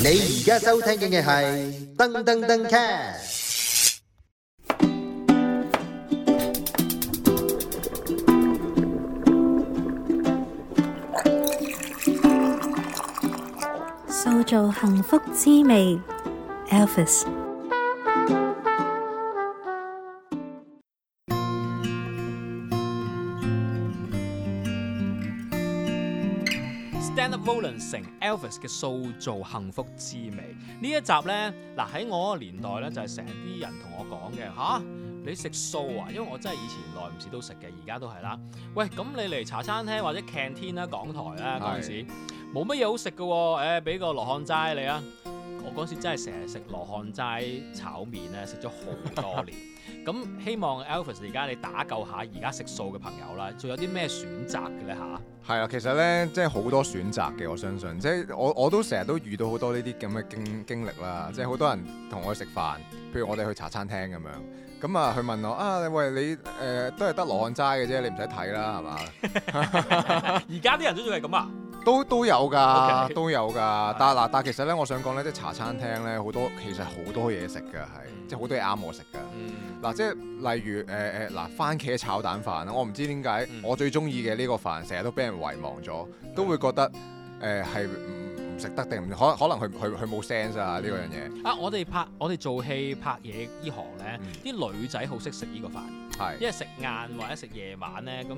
你而家收聽嘅係燈登登 Cat，塑造幸福滋味，Elvis。無論成 Elvis 嘅塑造幸福滋味，呢一集呢，嗱喺我嗰個年代呢，就係成啲人同我講嘅吓，你食素啊，因為我真係以前耐唔時都食嘅，而家都係啦。喂，咁你嚟茶餐廳或者 canteen 啦，港台啦，嗰陣時冇乜嘢好食嘅喎，誒、欸，俾個羅漢齋你啊！我嗰時真係成日食羅漢齋炒麵咧，食咗好多年。 咁希望 Elvis 而家你打救下而家食素嘅朋友啦，仲有啲咩選擇嘅咧吓，係啊，其實咧即係好多選擇嘅，我相信。即係我我都成日都遇到好多呢啲咁嘅經經歷啦。嗯、即係好多人同我去食飯，譬如我哋去茶餐廳咁樣，咁啊佢問我啊，你喂，你誒、呃、都係得羅漢齋嘅啫，你唔使睇啦，係嘛？而家啲人都仲係咁啊？都都有㗎，都有㗎，但嗱但其實咧，我想講咧，即茶餐廳咧，好多其實好多嘢食㗎，係、mm hmm. 啊、即好多嘢啱我食㗎。嗱即係例如誒誒嗱番茄炒蛋飯啦，我唔知點解、mm hmm. 我最中意嘅呢個飯，成日都俾人遺忘咗，都會覺得誒係唔唔食得定，可可能佢佢佢冇 sense 啊呢個樣嘢。Mm hmm. 啊！我哋拍我哋做戲拍嘢呢行咧，啲、mm hmm. 女仔好識食呢個飯。係， 因為食晏或者食夜晚咧，咁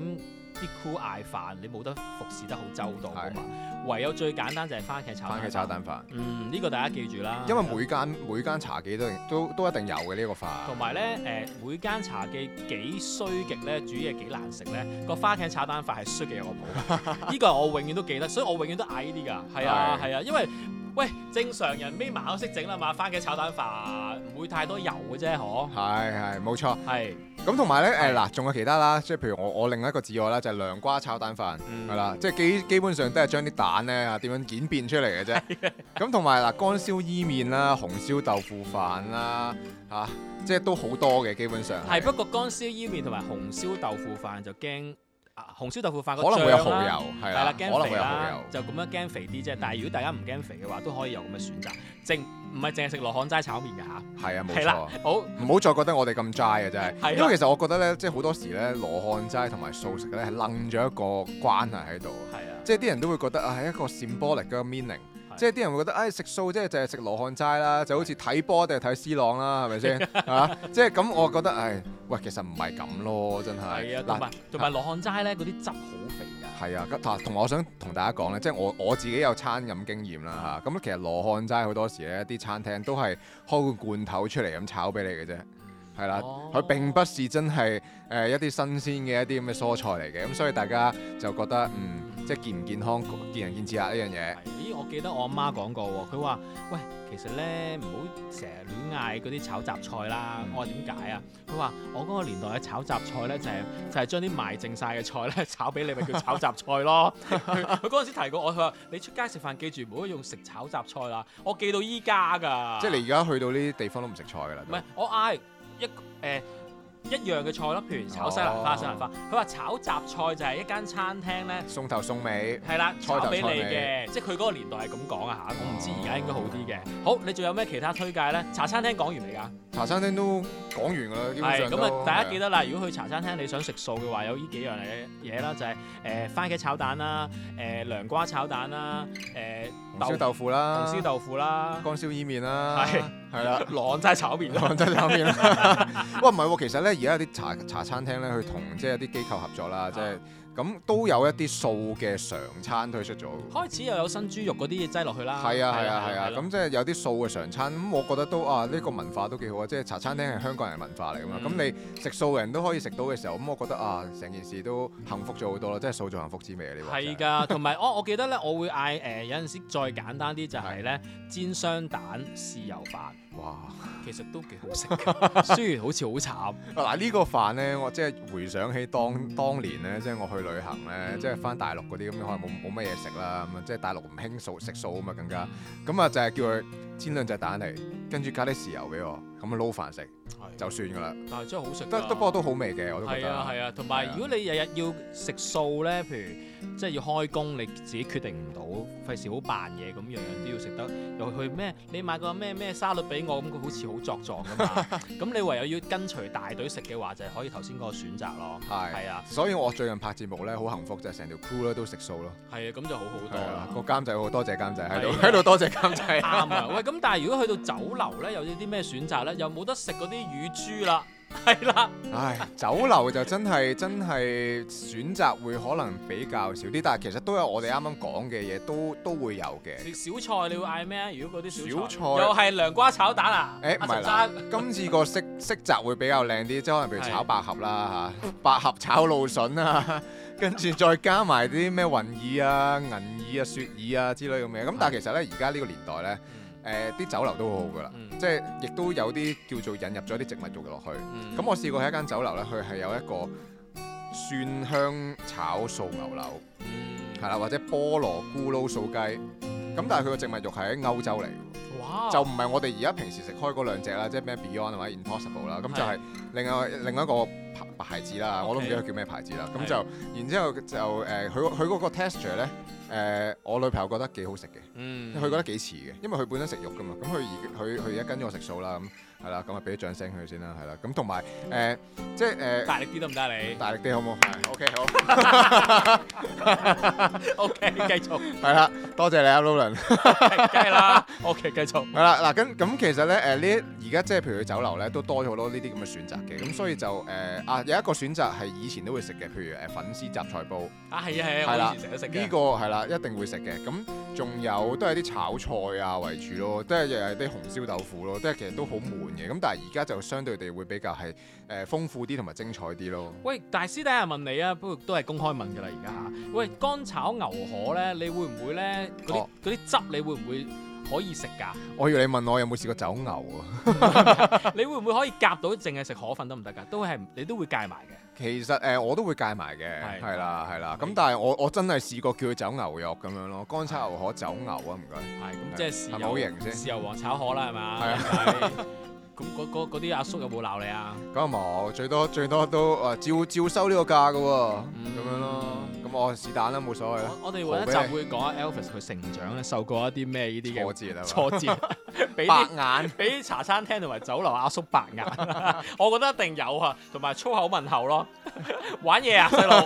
啲 Cool 嗌飯，你冇得服侍得好周到噶嘛。的唯有最簡單就係番茄炒蛋飯。番茄炒蛋飯，嗯，呢、呢個大家記住啦。因為每間的每間茶記都都都一定有嘅呢個飯。同埋咧，誒，每間茶記幾衰極咧，煮嘢幾難食咧，嗯、個番茄炒蛋飯係衰嘅。我鋪。呢個我永遠都記得，所以我永遠都嗌呢啲㗎。係啊，係啊的，因為。喂，正常人搣埋口識整啦嘛，番茄炒蛋飯唔會太多油嘅啫，嗬？係係冇錯，係咁，同埋咧，誒嗱，仲的、呃、有其他啦，即係譬如我我另一個摯愛啦，就係、是、涼瓜炒蛋飯，係啦、嗯，即係基基本上都係將啲蛋咧嚇點樣演變出嚟嘅啫。咁同埋嗱，乾燒伊麵啦，紅燒豆腐飯啦，吓、啊，即係都好多嘅基本上。係，不過乾燒伊麵同埋紅燒豆腐飯就驚。啊！紅燒豆腐飯個醬可能會有蠔油，係啦，啦啦可能會有蠔油，就咁樣驚肥啲啫。嗯、但係如果大家唔驚肥嘅話，都、嗯、可以有咁嘅選擇。淨唔係淨係食羅漢齋炒麵㗎吓？係啊，冇啦錯。好，唔好再覺得我哋咁齋啊！真係，啦因為其實我覺得咧，即係好多時咧，羅漢齋同埋素食咧係愣咗一個關係喺度。係啊，即係啲人都會覺得啊，係一個 symbolic 嘅 meaning。即係啲人會覺得，誒、哎、食素即係淨係食羅漢齋啦，就好似睇波定係睇 C 朗啦，係咪先？嚇、 啊！即係咁，我覺得係、哎，喂，其實唔係咁咯，真係。係啊，同埋啦羅漢齋咧，嗰啲汁好肥㗎。係啊，同埋、啊、我想同大家講咧，即、就、係、是、我我自己有餐飲經驗啦嚇。咁、啊、其實羅漢齋好多時咧，啲餐廳都係開個罐頭出嚟咁炒俾你嘅啫。係啦、啊，佢、哦、並不是真係誒、呃、一啲新鮮嘅一啲咁嘅蔬菜嚟嘅，咁、啊、所以大家就覺得嗯。即係健唔健康，見仁見智啊！呢樣嘢。咦，我記得我阿媽講過，佢話：喂，其實咧，唔好成日亂嗌嗰啲炒雜菜啦。嗯、我話點解啊？佢話：我嗰個年代嘅炒雜菜咧，就係、是、就係、是、將啲賣剩晒嘅菜咧炒俾你，咪叫炒雜菜咯。佢嗰陣時提過我，我佢話：你出街食飯記住唔好用食炒雜菜啦。我記到依家㗎。即係你而家去到呢啲地方都唔食菜㗎啦。唔係是，我嗌一誒。欸一樣嘅菜咯，譬如炒西蘭花、oh. 西蘭花。佢話炒雜菜就係一間餐廳咧，送頭送尾，係啦，炒俾你嘅，菜菜，即係佢嗰個年代係咁講啊吓，我唔知而家應該好啲嘅。好，你仲有咩其他推介咧？茶餐廳講完未㗎？茶餐廳都講完㗎啦，基本上。係。咁啊，大家記得啦，的如果去茶餐廳，你想食素嘅話，有呢幾樣嘢啦，就係、是、誒、呃、番茄炒蛋啦，誒、呃、涼瓜炒蛋啦，誒、呃。紅燒，豆紅燒豆腐啦，紅燒豆腐啦，乾燒伊麵啦，係係是啦，羅漢齋炒麵啦，羅漢齋炒麵啦，喂，唔係喎，其實咧，而家有啲茶茶餐廳咧，去同、嗯、即係一啲機構合作啦，嗯、即係。咁都有一啲素嘅常餐推出咗，開始又有新豬肉嗰啲嘢擠落去啦。係啊係啊係啊，咁即係有啲素嘅常餐。咁我覺得都啊呢個文化都幾好啊！即係茶餐廳係香港人文化嚟㗎嘛。咁你食素嘅人都可以食到嘅時候，咁我覺得啊，成件事都幸福咗好多咯！即係素就幸福滋味啊！呢個係。係㗎，同埋哦，我記得咧，我會嗌誒有陣時再簡單啲，就係咧煎雙蛋豉油飯。哇，其實都幾好食㗎，雖然好似好慘。嗱呢個飯咧，我即係回想起當當年咧，即係我去。去旅行咧，嗯、即係翻大陸嗰啲咁，嗯、可能冇冇乜嘢食啦，咁啊，即、就、係、是、大陸唔興素食素咁啊，更加咁啊，嗯、就係叫佢。煎兩隻蛋嚟，跟住加啲豉油俾我，咁啊撈飯食，就算噶啦。但係真係好食，都不過都好味嘅，我都覺得係啊係啊。同埋如果你日日要食素咧，譬如即係要開工，你自己決定唔到，費事好扮嘢，咁樣樣都要食得。又去咩？你買個咩咩沙律俾我，咁佢好似好作狀㗎嘛。咁你唯有要跟隨大隊食嘅話，就係可以頭先嗰個選擇咯。係係啊，所以我最近拍節目咧，好幸福就係成條 group 咧都食素咯。係啊，咁就好好多啦。個監製好多謝監製喺度，喺度多謝監製。啱啊！咁但係如果去到酒樓咧，有啲咩選擇咧？又冇得食嗰啲乳豬啦，係啦。唉，酒樓就真係真係選擇會可能比較少啲，但係其實都有我哋啱啱講嘅嘢，都都會有嘅。食小菜你會嗌咩？如果嗰啲小菜，小菜又係涼瓜炒蛋啊？誒唔係啦，今次個色色澤會比較靚啲，即係可能譬如炒百合啦嚇，百合 炒露筍啊，跟住再加埋啲咩雲耳啊、銀耳啊、雪耳啊之類嘅咁。 但係其實咧，而家呢個年代咧。誒啲酒樓都好好噶啦，即係亦都有啲叫做引入咗啲植物肉落去。咁我試過喺一間酒樓咧，佢係有一個蒜香炒素牛柳，係啦，或者菠蘿咕嚕素雞。咁但係佢個植物肉係喺歐洲嚟喎，就唔係我哋而家平時食開嗰兩隻啦，即係咩 Beyond 或者 Impossible 啦。咁就係另外另一個牌牌子啦，我都唔記得佢叫咩牌子啦。咁就然之後就誒，佢佢嗰個 texture 咧。誒，我女朋友覺得幾好食嘅，嗯，佢覺得幾似嘅，因為佢本身食肉㗎嘛，咁佢而佢佢而家跟住我食素啦，咁係啦，咁啊俾啲掌聲佢先啦，係啦，咁同埋誒，即係誒，大力啲得唔得你？大力啲好冇？OK 好，OK 繼續，係啦，多謝你啊，Loren，梗係啦，OK 繼續，係啦，嗱咁咁其實咧誒呢。而家即係譬如去酒樓咧，都多咗好多呢啲咁嘅選擇嘅，咁所以就誒啊、呃、有一個選擇係以前都會食嘅，譬如誒粉絲雜菜煲啊，係啊係啊，好的常食呢、呢個係啦，一定會食嘅。咁仲有都係啲炒菜啊為主咯，都係又係啲紅燒豆腐咯，都係其實都好悶嘅。咁但係而家就相對地會比較係誒、呃、豐富啲同埋精彩啲咯。喂，大師弟問你啊，不過都係公開問㗎啦，而家嚇。喂，乾炒牛河咧，你會唔會咧啲嗰啲汁，你會唔會？Oh. 可以食噶，我以為你問我有冇試過走牛啊？你會唔會可以夾到淨係食河粉都唔得㗎？都係你都會戒埋嘅。其實誒，我都會戒埋嘅，係啦係啦。咁但係我我真係試過叫佢走牛肉咁樣咯，乾炒牛河走牛啊，唔該。係咁，即係豉油豉油王炒河啦，係咪？係啊。咁嗰嗰嗰啲阿叔有冇鬧你啊？咁冇，最多最多都誒照照收呢個價㗎喎。咁樣咯。哦，是但啦，冇所謂啦。我哋一集會講啊，Elvis 佢成長咧，受過一啲咩呢啲嘅挫折，俾啲眼，俾茶餐廳同埋酒樓阿叔白眼，我覺得一定有啊，同埋粗口問候咯，玩嘢啊，細路，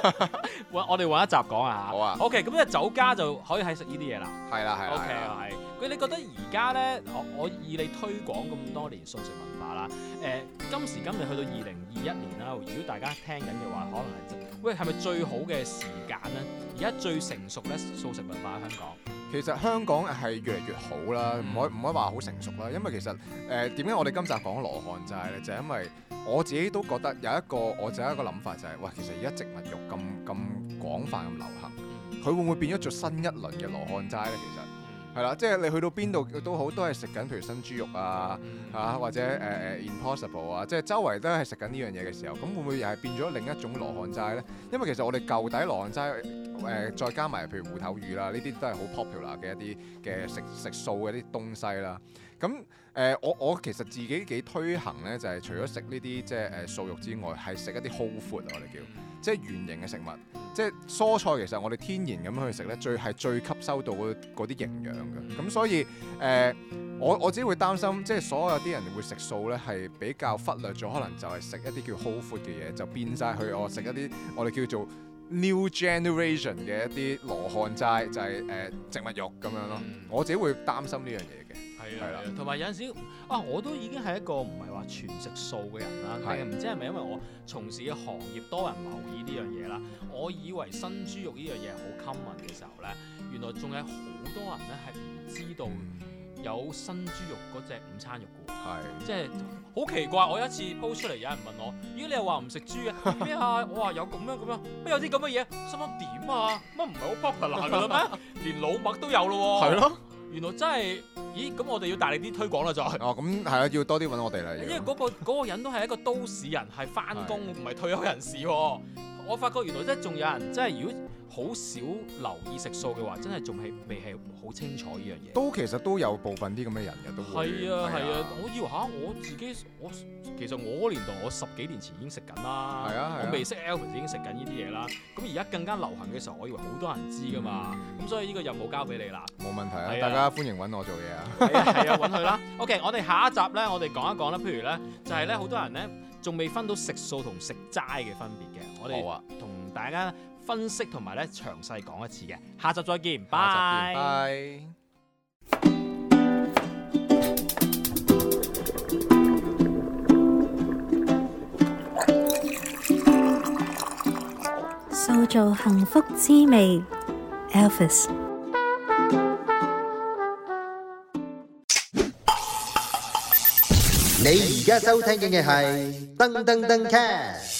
我哋揾一集講啊嚇。好啊。OK，咁啊酒家就可以喺食呢啲嘢啦。係啦，係，OK，係。佢你覺得而家咧，我我以你推廣咁多年素食文化啦，誒，今時今日去到二零二一年啦，如果大家聽緊嘅話，可能係喂，係咪最好嘅時間呢？而家最成熟嘅素食文化喺香港。其實香港係越嚟越好啦，唔可唔可以話好、嗯、成熟啦。因為其實誒點解我哋今集講羅漢齋呢？就係、是、因為我自己都覺得有一個我自己有一個諗法、就是，就係喂，其實而家植物肉咁咁廣泛咁流行，佢會唔會變咗做新一輪嘅羅漢齋呢？其實。係啦，即係你去到邊度都好，都係食緊，譬如新豬肉啊，嚇、嗯啊、或者誒誒、uh, Impossible 啊，即係周圍都係食緊呢樣嘢嘅時候，咁會唔會又係變咗另一種羅漢齋咧？因為其實我哋舊底羅漢齋誒、呃，再加埋譬如芋頭魚啦，呢啲都係好 popular 嘅一啲嘅食食素嘅一啲東西啦。咁誒、呃，我我其實自己幾推行咧，就係、是、除咗食呢啲即係誒素肉之外，係食一啲好 o o 我哋叫，即係圓形嘅食物。即係蔬菜，其實我哋天然咁樣去食咧，最係最吸收到嗰啲營養嘅。咁所以誒、呃，我我只會擔心，即係所有啲人會食素咧，係比較忽略咗，可能就係食一啲叫 whole food 嘅嘢，就變晒去我食一啲我哋叫做。New generation 嘅一啲羅漢齋就係、是、誒植物肉咁樣咯，嗯、我自己會擔心呢樣嘢嘅。係啊，係啦，同埋有陣時啊，我都已經係一個唔係話全食素嘅人啦，但係唔知係咪因為我從事嘅行業多人留意呢樣嘢啦，我以為新豬肉呢樣嘢好 common 嘅時候咧，原來仲有好多人咧係唔知道有新豬肉嗰隻午餐肉嘅，即係的。就是好奇怪，我有一次 post 出嚟，有人問我：咦，你又話唔食豬嘅、啊、咩啊？我話有咁樣咁樣，乜有啲咁嘅嘢，心諗點啊？乜唔係好 popular 啦咩？ 連老麥都有咯喎、啊。咯的，原來真係，咦？咁我哋要大力啲推廣啦，就哦，咁係啊，要多啲揾我哋嚟。因為嗰、嗰個、 個人都係一個都市人，係翻工，唔係的退休人士喎、啊。我發覺原來真係仲有人真係如果。好少留意食素嘅話，真係仲係未係好清楚呢樣嘢。都其實都有部分啲咁嘅人嘅都會。係啊係啊，啊，我以為嚇、啊、我自己，我其實我嗰年代，我十幾年前已經食緊啦。係啊，啊我未識 Alvin 已經食緊呢啲嘢啦。咁而家更加流行嘅時候，我以為好多人知㗎嘛。咁、嗯、所以呢個又冇交俾你啦。冇、嗯、問題啊，大家歡迎揾我做嘢啊。係啊係啊，揾佢啦。啊、 OK，我哋下一集咧，我哋講一講啦。譬如咧，就係、是、咧，好多人咧仲未分到食素同食齋嘅分別嘅。我哋同大家。分析同埋咧，詳細講一次嘅，下集再見，拜拜。塑造幸福滋味，Elvis。你而家收聽嘅係噔噔噔 Cash。